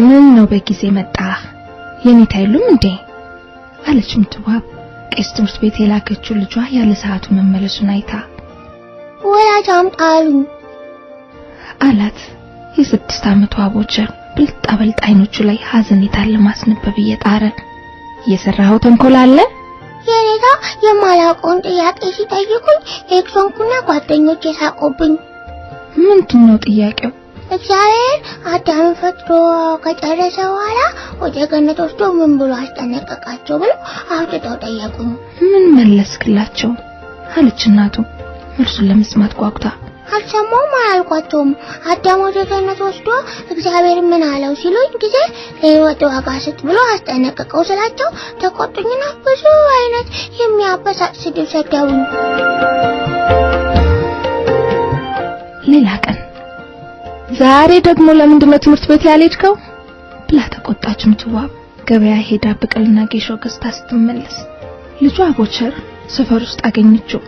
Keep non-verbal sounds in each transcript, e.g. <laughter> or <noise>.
ምን ነው በጊዜ መጣ የኔታ የሉም እንዴ አለች ምትዋብ ቄስ ትምህርት ቤት የላከችው ልጇ ያለ ሰዓቱ መመለሱን አይታ ወላጅ አምጣሉ አላት። የስድስት ዓመቱ አቦቸር ብልጣ በልጥ አይኖቹ ላይ ሀዘኔታን ለማስነበብ እየጣረ የሰራኸው ተንኮል አለ የኔታ የማላውቀውን ጥያቄ ሲጠይቁኝ ኤክሶንኩና ጓደኞች የሳቆብኝ ምንድን ነው ጥያቄው እግዚአብሔር አዳምን ፈጥሮ ከጨረሰ በኋላ ወደ ገነት ወስዶ ምን ብሎ አስጠነቀቃቸው ብሎ አውጥተው ጠየቁ ምን መለስክላቸው? አለች እናቱ እርሱን ለመስማት ጓጉታ። አልሰማሁም አላልኳቸውም። አዳም ወደ ገነት ወስዶ እግዚአብሔር ምን አለው ሲሉኝ ጊዜ ለሕይወት ዋጋ ስጥ ብሎ አስጠነቀቀው ስላቸው ተቆጡኝና ብዙ አይነት የሚያበሳጭ ስድብ ሰደቡኝ። ሌላ ቀን ዛሬ ደግሞ ለምንድነው ትምህርት ቤት ያልሄድከው ብላ ተቆጣች። ምትዋብ ገበያ ሄዳ ብቅልና ጌሾ ገዝታ ስትመለስ ልጇ ቦቸር ሰፈር ውስጥ አገኘችው።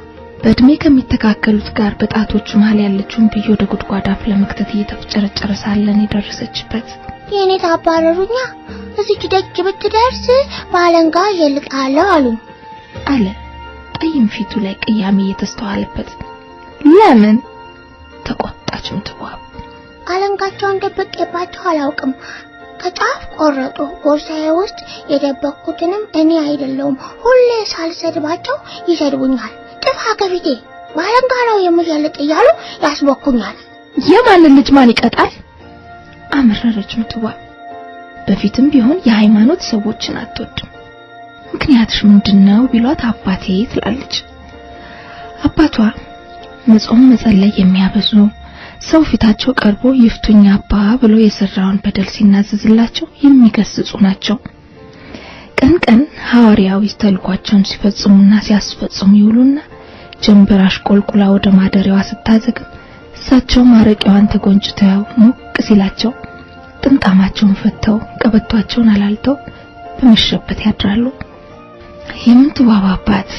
በእድሜ ከሚተካከሉት ጋር በጣቶቹ መሀል ያለችውን ብዮ ወደ ጉድጓድ አፍ ለመክተት እየተፍጨረጨረ ሳለን የደረሰችበት የኔ ታባረሩኛ እዚች ደጅ ብትደርስ ባለንጋ ይልቃለሁ አሉ አለ ጠይም ፊቱ ላይ ቅያሜ እየተስተዋለበት። ለምን ተቆጣች ምትዋብ አለንጋቸውን ደብቄባቸው አላውቅም። ከጫፍ ቆረጡ። ቦርሳዬ ውስጥ የደበቅኩትንም እኔ አይደለውም። ሁሌ ሳልሰድባቸው ይሰድቡኛል። ጥፋ ከፊቴ በአለንጋ ነው የምሸልጥ እያሉ ያስቦኩኛል። የማንን ልጅ ማን ይቀጣል? አመረረች ምትዋ። በፊትም ቢሆን የሃይማኖት ሰዎችን አትወድም። ምክንያትሽ ምንድነው ቢሏት አባቴ ትላለች። አባቷ መጾም መጸለይ የሚያበዙ ሰው ፊታቸው ቀርቦ ይፍቱኝ አባ ብሎ የሰራውን በደል ሲናዘዝላቸው የሚገስጹ ናቸው። ቀን ቀን ሐዋርያዊ ተልኳቸውን ሲፈጽሙና ሲያስፈጽሙ ይውሉና ጀንበር አሽቆልቁላ ወደ ማደሪያዋ ስታዘግም እሳቸው አረቂዋን ተጎንጭተው ሞቅ ሲላቸው ጥምጣማቸውን ፈተው ቀበቷቸውን አላልተው በመሸበት ያድራሉ። የምንትዋብ አባት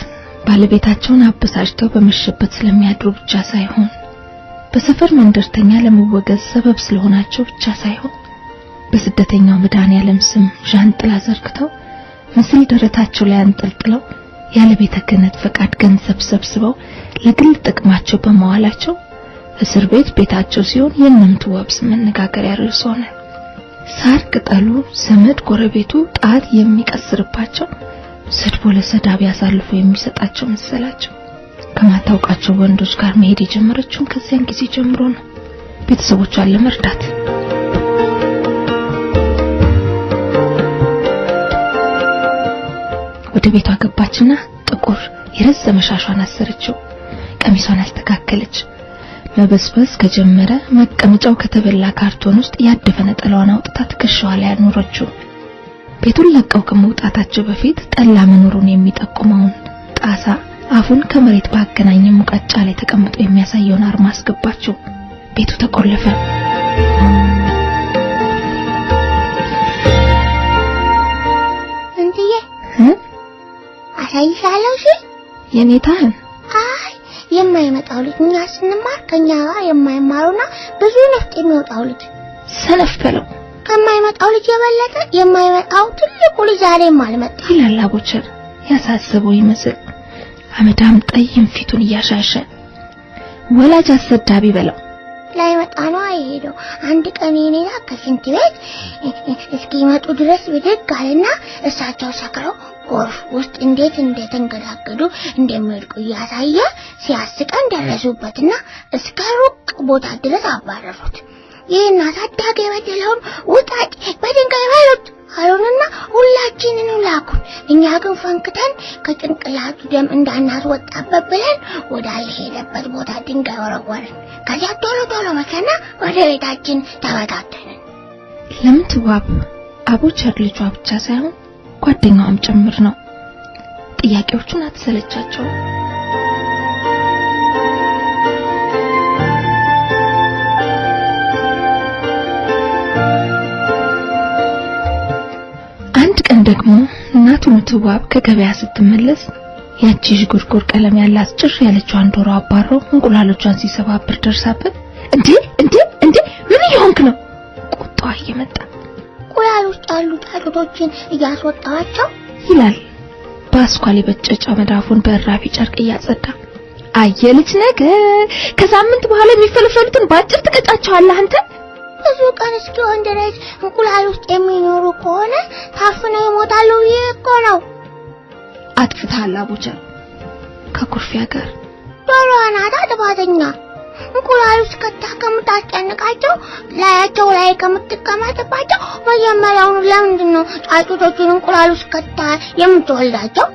ባለቤታቸውን አበሳጭተው በመሸበት ስለሚያድሩ ብቻ ሳይሆን በሰፈር መንደርተኛ ለመወገዝ ሰበብ ስለሆናቸው ብቻ ሳይሆን በስደተኛው ያለም ስም ዣንጥላ ዘርግተው ምስል ደረታቸው ላይ አንጠልጥለው ያለ ቤተ ክህነት ፈቃድ ገንዘብ ሰብስበው ለግል ጥቅማቸው በመዋላቸው እስር ቤት ቤታቸው ሲሆን የእነምቱ ወብስ መነጋገሪያ ርዕስ ሆነ። ሳር ቅጠሉ፣ ዘመድ ጎረቤቱ ጣት የሚቀስርባቸው ሰድቦ ለሰዳቢ አሳልፎ የሚሰጣቸው መሰላቸው። ከማታውቃቸው ወንዶች ጋር መሄድ የጀመረችውን ከዚያን ጊዜ ጀምሮ ነው። ቤተሰቦቿን ለመርዳት ወደ ቤቷ ገባችና ጥቁር የረዘመ ሻሿን አሰረችው። ቀሚሷን አስተካከለች። መበስበስ ከጀመረ መቀመጫው ከተበላ ካርቶን ውስጥ ያደፈ ነጠላዋን አውጥታ ትከሻዋ ላይ አኖረችው። ቤቱን ለቀው ከመውጣታቸው በፊት ጠላ መኖሩን የሚጠቁመውን ጣሳ አፉን ከመሬት ባገናኘ ሙቀጫ ላይ ተቀምጦ የሚያሳየውን አርማ አስገባችው። ቤቱ ተቆለፈ። እንትዬ አሳይሻለሁ። እሺ የኔታህን አይ የማይመጣው ልጅ እኛ ስንማር ከኛ ጋር የማይማሩና ብዙ ነፍጥ የሚወጣው ልጅ ሰነፍ በለው። ከማይመጣው ልጅ የበለጠ የማይመጣው ትልቁ ልጅ ዛሬም አልመጣ ይላል አቦቸር ያሳስበው ይመስል አመዳም ጠይም ፊቱን እያሻሸ ወላጅ አሰዳቢ በለው ላይ ወጣ ነው አይሄደው አንድ ቀን የኔታ ከሽንት ቤት እስኪመጡ ድረስ ብድግ አለና እሳቸው ሰክረው ጎርፍ ውስጥ እንዴት እንደተንገዳገዱ እንደሚወድቁ እያሳየ ሲያስቀን ደረሱበትና እስከ ሩቅ ቦታ ድረስ አባረሩት። ይህን አሳዳጊ የበደለውን ውጣጭ በድንጋይ በሉት አሮንና ሁላችንን ላኩን። እኛ ግን ፈንክተን ከጭንቅላቱ ደም እንዳናስወጣበት ብለን ወዳልሄደበት ቦታ ድንጋይ ወረወርን። ከዚያ ቶሎ ቶሎ መከና ወደ ቤታችን ተበታተንን። ለምትዋብ አቡ ቸር ልጇ ብቻ ሳይሆን ጓደኛዋም ጭምር ነው። ጥያቄዎቹን አትሰለቻቸውም። ደግሞ እናቱ ምትዋብ ከገበያ ስትመለስ ያቺ ጉርጉር ቀለም ያላት ጭር ያለችዋን ዶሮ አባረው እንቁላሎቿን ሲሰባብር ደርሳበት፣ እንዴ እንዴ እንዴ ምን እየሆንክ ነው? ቁጣዋ እየመጣ ቆያል ውስጥ ያሉ ጫጩቶችን እያስወጣዋቸው ይላል በአስኳል የበጨጫ መዳፉን በእራፊ ጨርቅ እያጸዳ። አየልች ነገ ከሳምንት በኋላ የሚፈለፈሉትን ባጭር ትቀጫቸዋለህ አንተ ብዙ ቀን እስኪሆን ድረስ እንቁላል ውስጥ የሚኖሩ ከሆነ ታፍነው ይሞታሉ ብዬ እኮ ነው። አጥፍተሃል አቡጀር ከኩርፊያ ጋር በሏናታ ጥፋተኛ እንቁላል ውስጥ ከታ ከምታስጨንቃቸው ላያቸው ላይ ከምትቀመጥባቸው መጀመሪያውኑ ለምንድን ነው ጫጩቶቹን እንቁላል ውስጥ ከታ የምትወልዳቸው?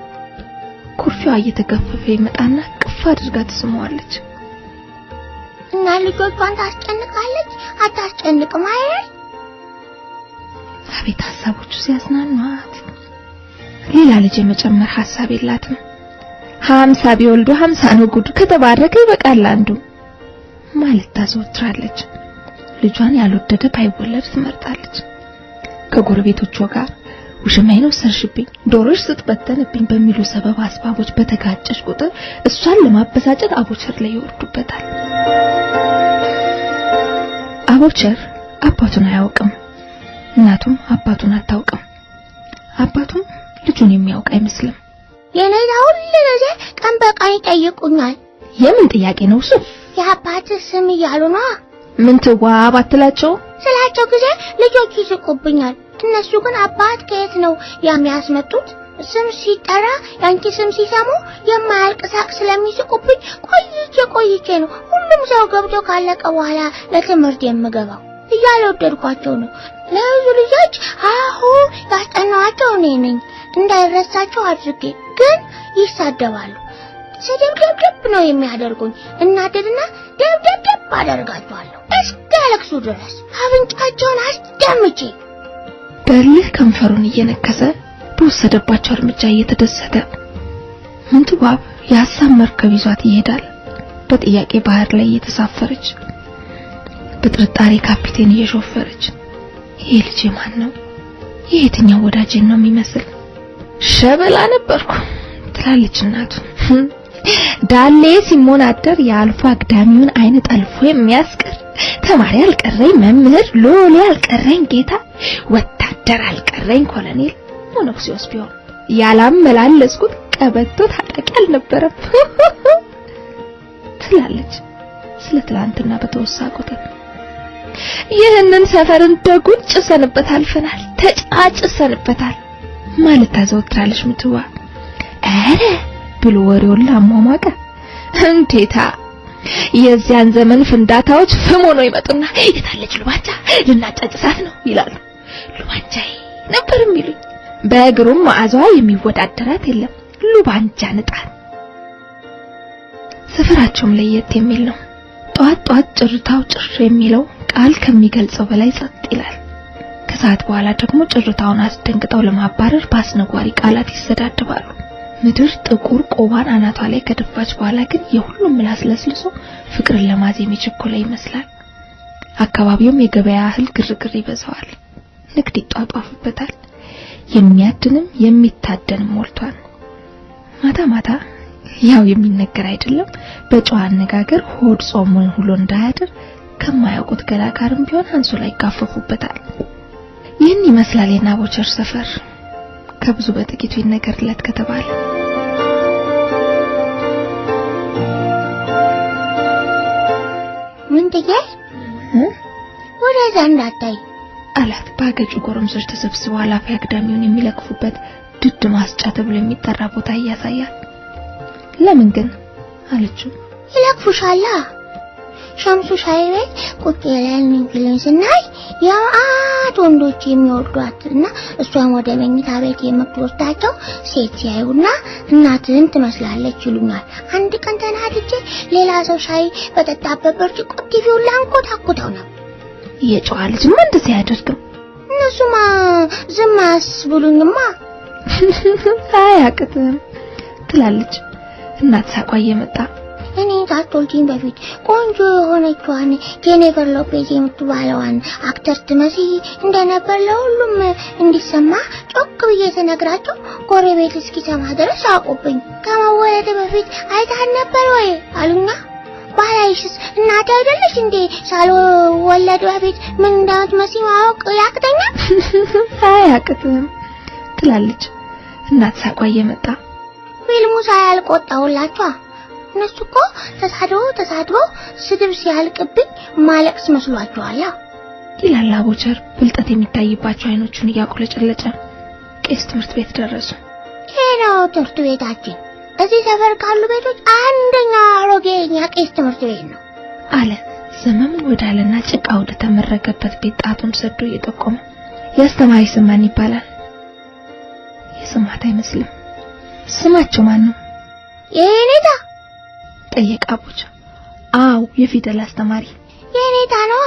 ኩርፊዋ እየተገፈፈ ይመጣና ቅፍ አድርጋ ትስመዋለች። እና ልጆቿን ታስጨንቃለች አታስጨንቅም አይደል? አቤት ሀሳቦቹ ሲያዝናኗት! ሌላ ልጅ የመጨመር ሀሳብ የላትም። ሀምሳ ቢወልዱ ሀምሳ ነው ጉዱ ከተባረከ ይበቃል አንዱ ማለት ታዘወትራለች። ልጇን ያልወደደ ባይወለድ ትመርጣለች። ከጎረቤቶቿ ጋር ነው ሰርሽብኝ፣ ዶሮሽ ስትበተንብኝ በሚሉ ሰበብ አስባቦች በተጋጨሽ ቁጥር እሷን ለማበሳጨት አቦቸር ላይ ይወርዱበታል። አቦቸር አባቱን አያውቅም፣ እናቱም አባቱን አታውቅም። አባቱም ልጁን የሚያውቅ አይመስልም። የኔታ ሁሉ ነገር ቀን በቀን ይጠይቁኛል። የምን ጥያቄ ነው እሱ? የአባት ስም እያሉ ነዋ። ምንትዋ ባትላቸው ስላቸው ጊዜ ልጆቹ ይስቁብኛል። እነሱ ግን አባት ከየት ነው የሚያስመጡት? ስም ሲጠራ ያንቺ ስም ሲሰሙ የማያልቅ ሳቅ ስለሚስቁብኝ ቆይቼ ቆይቼ ነው ሁሉም ሰው ገብቶ ካለቀ በኋላ ለትምህርት የምገባው ወደድኳቸው ነው። ለብዙ ልጆች አሁ ያስጠናዋቸው እኔ ነኝ እንዳይረሳቸው አድርጌ ግን ይሳደባሉ። ስደብደብደብ ነው የሚያደርጉኝ። እናደድና ደብደብደብ አደርጋቸዋለሁ እስኪያለቅሱ ድረስ አፍንጫቸውን አስደምቼ በእልህ ከንፈሩን እየነከሰ በወሰደባቸው እርምጃ እየተደሰተ ምንትዋብ የሀሳብ መርከብ ይዟት ይሄዳል። በጥያቄ ባህር ላይ እየተሳፈረች በጥርጣሬ ካፒቴን እየሾፈረች ይሄ ልጅ ማን ነው? የትኛው ወዳጄን ነው የሚመስል? ሸበላ ነበርኩ ትላለች እናቱ። ዳሌ ሲሞን አደር የአልፎ አግዳሚውን አይነ ጠልፎ የሚያስቀር ተማሪ አልቀረኝ መምህር ሎሌ አልቀረኝ ጌታ ወጥ ደር አልቀረኝ ኮሎኔል ሞኖክሲዮስ ቢሆን ያላመላለስኩት ቀበቶ ታጣቂ አልነበረም <laughs> ትላለች ስለ ትላንትና በተወሳ ቁጥር ይህንን ሰፈር እንደ ጉድ ጭሰንበት አልፈናል፣ ተጫጭሰንበታል ማለት ታዘወትራለች ምትዋ። አረ ብሎ ወሬውን ላሟሟቀ እንዴታ የዚያን ዘመን ፍንዳታዎች ፍም ነው ይመጡና የታለች ልባቻ ልናጫጭሳት ነው ይላሉ። ሉባንጃዬ ነበር የሚሉኝ። በእግሩም መዓዟ የሚወዳደራት የለም። ሉባንጃ ንጣት ስፍራቸውም ለየት የሚል ነው። ጧት ጧት ጭርታው ጭር የሚለው ቃል ከሚገልጸው በላይ ጸጥ ይላል። ከሰዓት በኋላ ደግሞ ጭርታውን አስደንግጠው ለማባረር በአስነጓሪ ቃላት ይሰዳድባሉ። ምድር ጥቁር ቆባን አናቷ ላይ ከደፋች በኋላ ግን የሁሉም ምላስ ለስልሶ ፍቅርን ለማዜም የቸኮለ ይመስላል። አካባቢውም የገበያ እህል ግርግር ይበዛዋል። ንግድ ይጧጧፍበታል። የሚያድንም የሚታደንም ሞልቷል። ማታ ማታ ያው የሚነገር አይደለም በጨዋ አነጋገር ሆድ ጾሙን ሁሉ እንዳያድር ከማያውቁት ገላ ጋርም ቢሆን ላይ ይጋፈፉበታል። ይህን ይመስላል የናቦቸር ሰፈር ከብዙ በጥቂቱ ይነገርለት ከተባለ ወንድዬ ወደዛ እንዳታይ አላት። ባገጩ ጎረምሶች ተሰብስበው አላፊ አግዳሚውን የሚለቅፉበት ድድ ማስጫ ተብሎ የሚጠራ ቦታ እያሳያል። ለምን ግን አለችው። ይለቅፉሻላ። ሸምሱ ሻይ ቤት ቁጭ ይላል ፊልም ስናይ የመአት ወንዶች የሚወዷትና እሷም ወደ መኝታ ቤት የምትወስዳቸው ሴት ሲያዩና እናትህን ትመስላለች ይሉኛል። አንድ ቀን ተናድጄ ሌላ ሰው ሻይ በጠጣበት ብርጭቆ ቲቪውን ላንኮታኩተው ነበር። የጨዋ ምን እንደዚህ አያደርግም። እነሱማ ዝም አያስብሉኝማ። አያቅትም ትላለች እናት ሳቋ እየመጣ እኔ ካቶልጂን በፊት ቆንጆ የሆነችዋን ጄኒፈር ሎፔዝ የምትባለዋን አክተር ትመስይ እንደነበር ለሁሉም እንዲሰማ ጮክ ብዬ ተነግራቸው ጎረቤት እስኪሰማ ድረስ አቆብኝ። ከመወለደ በፊት አይታን ነበር ወይ አሉኛ። ባላይሽስ እናቴ አይደለሽ እንዴ? ሳልወለድ በፊት ምን እንደምትመስዪ ማወቅ ያቅተኛል? <laughs> አያቅትም ትላለች እናት ሳቋ እየመጣ ፊልሙ ሳያልቅ ወጣሁላችኋ። እነሱ እኮ ተሳድቦ ተሳድቦ ስድብ ሲያልቅብኝ ማለቅስ መስሏችኋል ይላል አቦቸር ብልጠት የሚታይባቸው አይኖቹን እያቁለጨለጨ። ቄስ ትምህርት ቤት ደረሱ። ይሄ ነው ትምህርት ቤታችን። እዚህ ሰፈር ካሉ ቤቶች አንደኛ አሮጌኛ ቄስ ትምህርት ቤት ነው አለ። ዘመኑ ወዳለና ጭቃ ወደ ተመረገበት ቤት ጣቱን ሰዶ እየጠቆመ የአስተማሪ ስም ማን ይባላል? የስማት አይመስልም። ስማቸው ማን ነው? የኔታ ጠየቀ አው የፊደል አስተማሪ የኔታ ነዋ።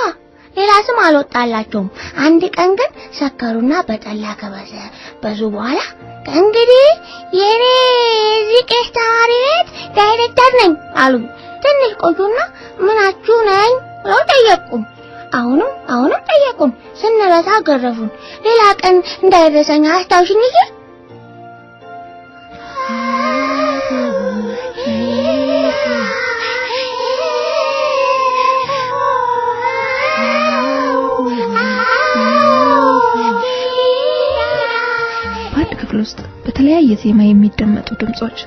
ሌላ ስም አልወጣላቸውም። አንድ ቀን ግን ሰከሩና በጠላ ከበሰ በዙ በኋላ እንግዲህ የኔ የዚህ ቄስ ተማሪ ቤት ዳይሬክተር ነኝ አሉ ትንሽ ቆዩና ምናችሁ ነኝ ብለው ጠየቁም። አሁንም አሁንም ጠየቁም። ስንረሳ ገረፉን። ሌላ ቀን እንዳይረሳኝ አስታውሽኝ ይሄ ውስጥ በተለያየ ዜማ የሚደመጡ ድምጾች።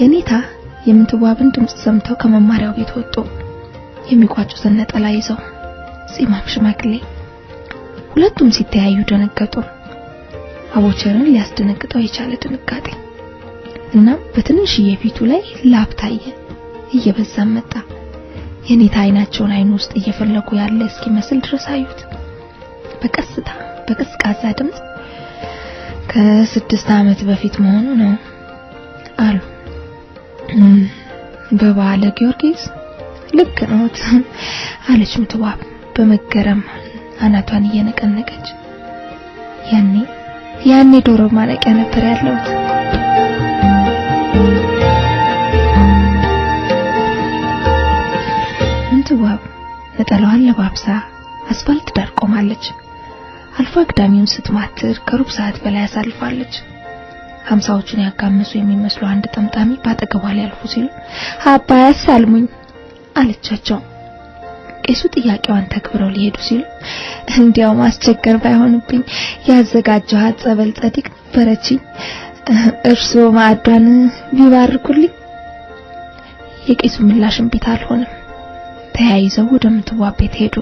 የኔታ የምንትዋብን ድምጽ ሰምተው ከመማሪያው ቤት ወጡ። የሚቋጩትን ነጠላ ይዘው ጺማም ሽማግሌ ሁለቱም ሲተያዩ ደነገጡ። አቦቸርን ሊያስደነግጠው የቻለ ድንጋጤ እና በትንሽዬ ፊቱ ላይ ላብ ታየ። እየበዛም መጣ። የኔታ አይናቸውን አይኑ ውስጥ እየፈለጉ ያለ እስኪመስል ድረስ አዩት። በቀስታ በቅስቃዛ ድምፅ ከስድስት ዓመት በፊት መሆኑ ነው አሉ። በበዓለ ጊዮርጊስ ልክ ነዎት <laughs> አለች ምትዋብ በመገረም አናቷን እየነቀነቀች። ያኔ ያኔ ዶሮ ማለቂያ ነበር ያለሁት። ምትዋብ ነጠላዋን ለባብሳ አስፋልት ዳር ቆማለች። አልፋ አግዳሚውን ስትማትር ከሩብ ሰዓት በላይ አሳልፋለች። ሀምሳዎቹን ያጋመሱ የሚመስሉ አንድ ጠምጣሚ በአጠገቧ ሊያልፉ ሲሉ አባ ያሳልሙኝ አለቻቸው። ቄሱ ጥያቄዋን ተክብረው ሊሄዱ ሲሉ እንዲያው ማስቸገር ባይሆንብኝ ያዘጋጀኋት ጸበል ጸዲቅ ነበረችኝ፣ እርስዎ ማዕዷን ቢባርኩልኝ። የቄሱ ምላሽ እምቢታ አልሆነም። ተያይዘው ወደ ቤት ሄዱ።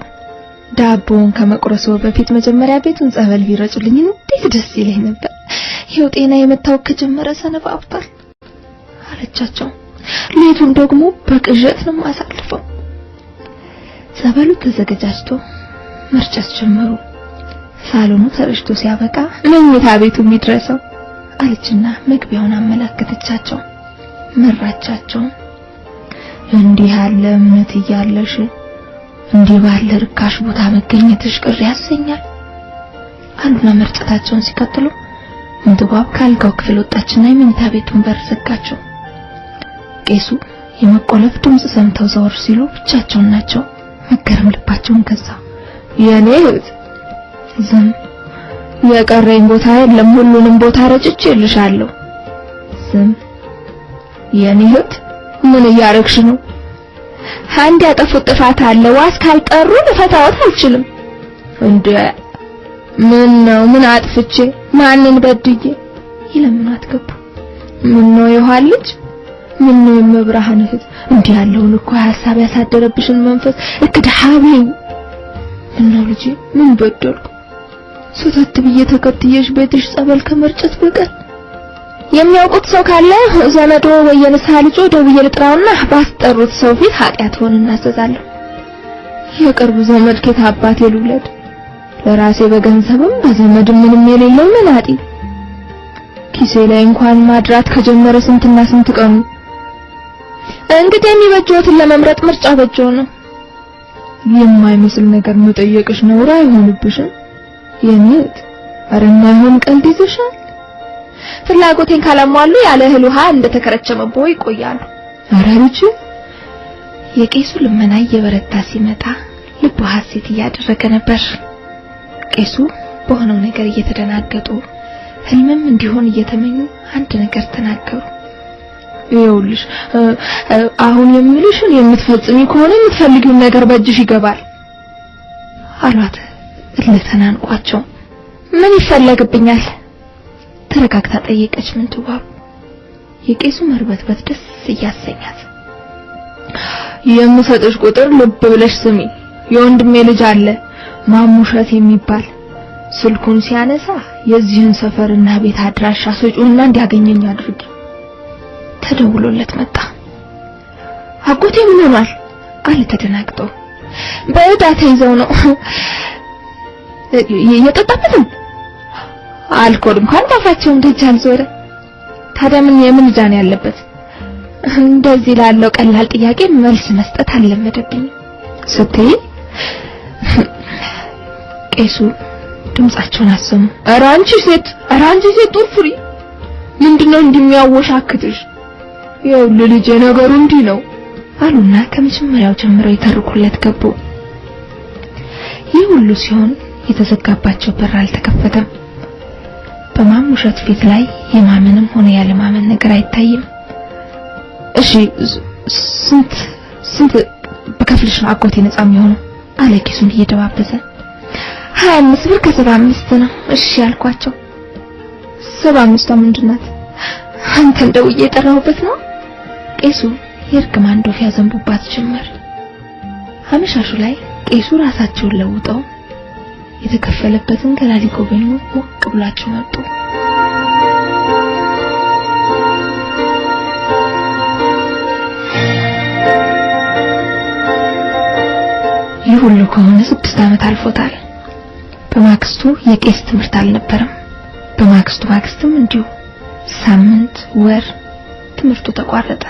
ዳቦውን ከመቁረሱ በፊት መጀመሪያ ቤቱን ጸበል ቢረጩልኝ እንዴት ደስ ይለኝ ነበር። ይኸው ጤና የመታወክ ከጀመረ ሰነባብቷል አለቻቸው። ሌቱን ደግሞ በቅዠት ነው ማሳልፈው። ጸበሉ ተዘገጃጅቶ መርጨት ጀመሩ። ሳሎኑ ተረጭቶ ሲያበቃ መኝታ ቤቱ የሚድረሰው አለችና መግቢያውን አመላከተቻቸው። መራቻቸው። እንዲህ ያለ እምነት እያለሽ እንዲህ ባለ ርካሽ ቦታ መገኘትሽ ቅር ያሰኛል አሉና መርጨታቸውን ሲቀጥሉ ምንትዋብ ካልጋው ክፍል ወጣችና የመኝታ ቤቱን በር ዘጋቸው። ቄሱ የመቆለፍ ድምጽ ሰምተው ዘወር ሲሉ ብቻቸውን ናቸው። መገረም ልባቸውን ገዛ። የኔ እህት ዝም የቀረኝ ቦታ የለም፣ ሁሉንም ቦታ ይልሻለሁ። ዝም የኔ እህት ምን እያረግሽ ነው? አንድ ያጠፉት ጥፋት አለ። ዋስ ካልጠሩ ልፈታዎት አልችልም። እንደ ምን ነው ምን አጥፍቼ ማንን በድዬ ይለምን ገቡ። ምን ነው የውሃ ልጅ ምን ነው የመብርሃን እህት እንዲህ ያለውን እኮ ሀሳብ ያሳደረብሽን መንፈስ እክድሃቤው ምን ነው ልጄ ምን በደልኩ ሶታት ብዬ ተከትየሽ ቤትሽ ጸበል ከመርጨት በቀር የሚያውቁት ሰው ካለ ዘመዶ ወይ የንስሐ ልጆ ደውዬ ልጥራውና ባስጠሩት ሰው ፊት ኃጢአትሆን እናዘዛለሁ። የቅርብ ዘመድ ኬት አባቴ ልውለድ? ለራሴ በገንዘብም በዘመድ ምንም የሌለው መናጢ ኪሴ ላይ እንኳን ማድራት ከጀመረ ስንትና ስንት ቀኑ። እንግዲህ የሚበጀውትን ለመምረጥ ምርጫ በጀው ነው። የማይመስል ነገር መጠየቅሽ ነውር አይሆንብሽም የኔት? ኧረ እንዳይሆን ቀልድ ይዘሻል። ፍላጎቴን ካላሟሉ ያለ እህል ውሃ እንደተከረቸመቦ ይቆያሉ። ኧረ ልጅ የቄሱ ልመና እየበረታ ሲመጣ ልቧ ሐሴት እያደረገ ነበር። ቄሱ በሆነው ነገር እየተደናገጡ ህልምም እንዲሆን እየተመኙ አንድ ነገር ተናገሩ። ይኸውልሽ አሁን የምልሽን የምትፈጽሚ ከሆነ የምትፈልጊውን ነገር በእጅሽ ይገባል አሏት። እልህ ተናንቋቸው ምን ይፈለግብኛል ተረጋግታ ጠየቀች ምንትዋብ። የቄሱ መርበትበት ደስ እያሰኛት የምሰጥሽ ቁጥር ልብ ብለሽ ስሚ፣ የወንድሜ ልጅ አለ ማሙሸት የሚባል ስልኩን ሲያነሳ የዚህን ሰፈርና ቤት አድራሻ ስጪውና እንዲያገኘኝ አድርጊ። ተደውሎለት መጣ። አጎቴ ምን ሆኗል? አለ ተደናግጦ። በእዳ ተይዘው ነው የጠጣበትም አልኮል እንኳን ባፋቸውም ደጅ ዞረ። ታዲያ ምን የምን ጃን ያለበት እንደዚህ ላለው ቀላል ጥያቄ መልስ መስጠት አለመደብኝ ስትይ ቄሱ ድምጻቸውን አሰሙ። ኧረ አንቺ ሴት፣ ኧረ አንቺ ሴት ጡር ምንድነው እንደሚያወሻክትሽ? ያው ልጄ ነገሩ እንዲህ ነው አሉና ከመጀመሪያው ጀምረው የተርኩለት ገቡ። ይህ ሁሉ ሲሆን የተዘጋባቸው በር አልተከፈተም። በማም ውሸት ፊት ላይ የማመንም ሆነ ያለማመን ነገር አይታይም። እሺ ስንት ስንት በከፍልሽ ነው አጎቴ ነፃ የሚሆነው አለ ኪሱን እየደባበዘ። ሀያ አምስት ብር ከሰባ አምስት ነው እሺ አልኳቸው? ሰባ አምስቷ ምንድን ናት? አንተን ደውዬ ነው። ቄሱ የእርግማን ዶፍ ያዘንቡባት ጀመር። አመሻሹ ላይ ቄሱ ራሳቸውን ለውጠው የተከፈለበትን ገላ ሊጎበኙ ሞቅ ብላቸው መጡ። ይህ ሁሉ ከሆነ ስድስት ዓመት አልፎታል። በማክስቱ የቄስ ትምህርት አልነበረም። በማክስቱ ማክስትም እንዲሁ ሳምንት፣ ወር ትምህርቱ ተቋረጠ።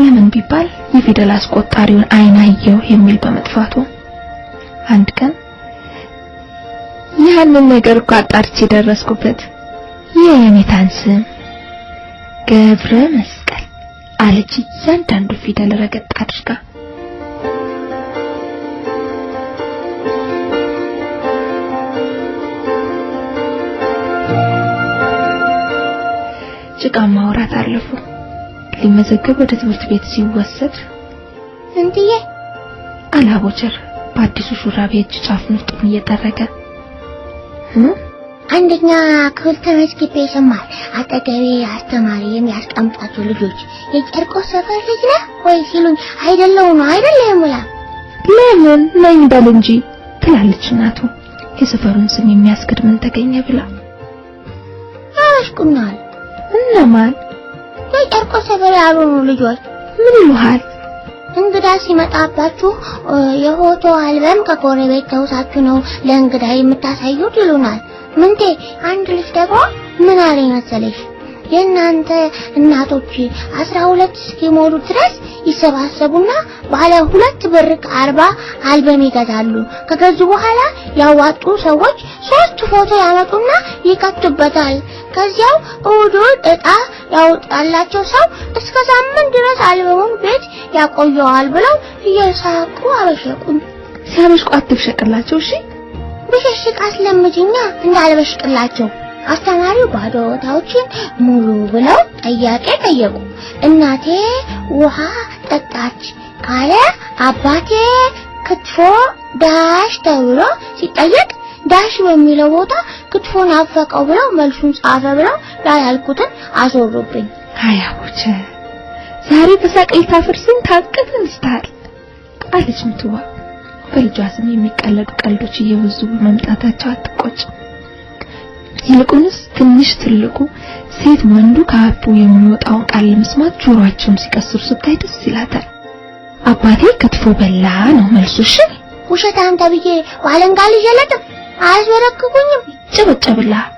ለምን ቢባል የፊደል አስቆጣሪውን አይናየው የሚል በመጥፋቱ አንድ ቀን ያንን ነገር እኮ አጣርቼ ደረስኩበት። የየኔታን ስም ገብረ መስቀል አለች እያንዳንዱ ፊደል ረገጥ አድርጋ። ጭቃማ ወራት አለፉ። ሊመዘገብ ወደ ትምህርት ቤት ሲወሰድ እንትዬ አላቦቸር በአዲሱ ሹራቤ እጅ ጫፍ ምርጡን እየጠረገ አንደኛ ክፍል ተመዝግቤ ይሰማል። አጠገቤ አስተማሪ የሚያስቀምጣቸው ልጆች የጨርቆስ ሰፈር ልጅ ነህ ወይ ሲሉኝ አይደለው ነው አይደለም ይሙላ ለምን ነኝ በል እንጂ ትላለች እናቱ የሰፈሩን ስም የሚያስክድ ምን ተገኘ ብላ አሽቁናል። እነማን የጨርቆስ ሰፈር ያሉ ልጆች ምን ይሉሃል? እንግዳ ሲመጣባችሁ የፎቶ አልበም ከጎረቤት ተውሳችሁ ነው ለእንግዳ የምታሳዩት ይሉናል። ምንቴ አንድ ልጅ ደግሞ ምን አለኝ መሰለሽ የእናንተ እናቶች አስራ ሁለት እስኪሞሉ ድረስ ይሰባሰቡና ባለ ሁለት ብር አርባ አልበም ይገዛሉ። ከገዙ በኋላ ያዋጡ ሰዎች ሶስት ፎቶ ያመጡና ይቀጡበታል። ከዚያው እሑዱን እጣ ያወጣላቸው ሰው እስከ ሳምንት ድረስ አልበሙን ቤት ያቆየዋል ብለው እየሳቁ አበሸቁን። ሲያበሽቁ አትብሸቅላቸው። እሺ ብሽሽቅ አስለምጅኛ እንዳልበሽቅላቸው አስተማሪው ባዶ ቦታዎችን ሙሉ ብለው ጥያቄ ጠየቁ። እናቴ ውሃ ጠጣች ካለ አባቴ ክትፎ ዳሽ ተብሎ ሲጠየቅ ዳሽ በሚለው ቦታ ክትፎን አፈቀው ብለው መልሱን ጻፈ ብለው ያልኩትን አዞሩብኝ። አያቦች ዛሬ በሳቅ ልታፈርሱን ታቅድ እንስታል ቃልች ምትዋ በልጇ ስም የሚቀለዱ ቀልዶች እየበዙ በመምጣታቸው አትቆጭም። ይልቁንስ ትንሽ ትልቁ ሴት ወንዱ ከአፉ የሚወጣውን ቃል ለመስማት ጆሮአቸውን ሲቀስሩ ስታይ ደስ ይላታል። አባቴ ክትፎ በላ ነው መልሱ። እሺ ውሸታም ተብዬ ዋለንጋ ልጅ የለጥም አያስበረክኩኝም ጨበጨብልሃል።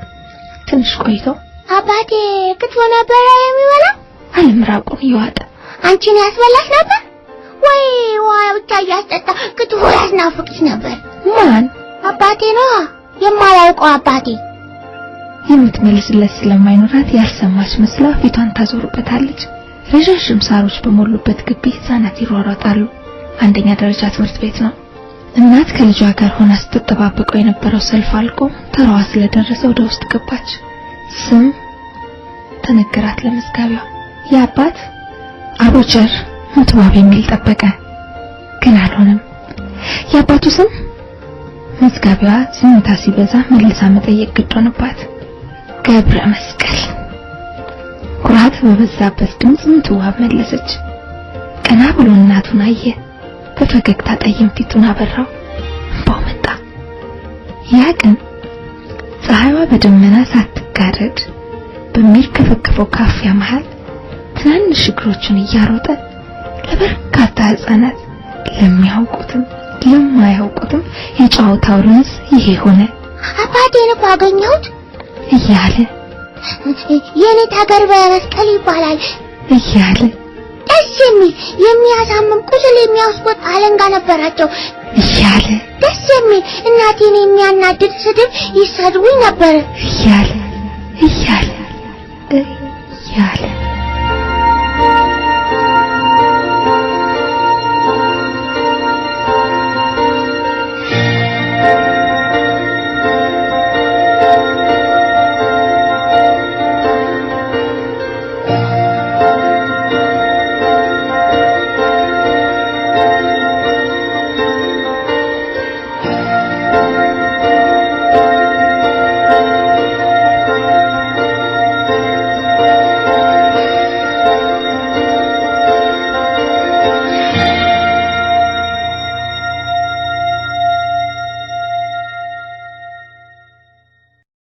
ትንሽ ቆይቶ አባቴ ክትፎ ነበረ የሚበላ አለ ምራቁን እየዋጠ። አንቺን ያስበላሽ ነበር ወይ ውሃ ብቻ እያስጠጣ ክትፎ ያስናፍቅሽ ነበር? ማን አባቴ ነው የማላውቀው አባቴ የምትመልስለት ስለማይኖራት ያልሰማች መስላ ፊቷን ታዞርበታለች። ረዣዥም ሳሮች በሞሉበት ግቢ ህፃናት ይሯሯጣሉ። አንደኛ ደረጃ ትምህርት ቤት ነው። እናት ከልጇ ጋር ሆና ስትጠባበቀው የነበረው ሰልፍ አልቆ ተራዋ ስለደረሰ ወደ ውስጥ ገባች። ስም ተነገራት ለመዝጋቢያው። የአባት አቦቸር ምትዋብ የሚል ጠበቀ፣ ግን አልሆነም። የአባቱ ስም መዝጋቢዋ ዝምታ ሲበዛ መልሳ መጠየቅ ግድ ሆነባት። ገብረ መስቀል ኩራት በበዛበት ድምፅ ምትዋብ መለሰች። ቀና ብሎ እናቱን አየ። በፈገግታ ጠይም ፊቱን አበራው። እንባው መጣ። ያ ቀን ፀሐይዋ በደመና ሳትጋረድ በሚርከፈከፈው ካፊያ መሃል ትናንሽ እግሮቹን እያሮጠ ለበርካታ ህፃናት ለሚያውቁትም ለማያውቁትም የጨዋታው ርዕስ ይሄ ሆነ። አባቴን እኮ አገኘሁት። እያለ የኔት ሀገር በመስቀል ይባላል እያለ ደስ የሚል የሚያሳምም ቁስል የሚያስቆጥ አለንጋ ነበራቸው እያለ ደስ የሚል እናቴን የሚያናድድ ስድብ ይሳድቡኝ ነበር እያለ እያለ እያለ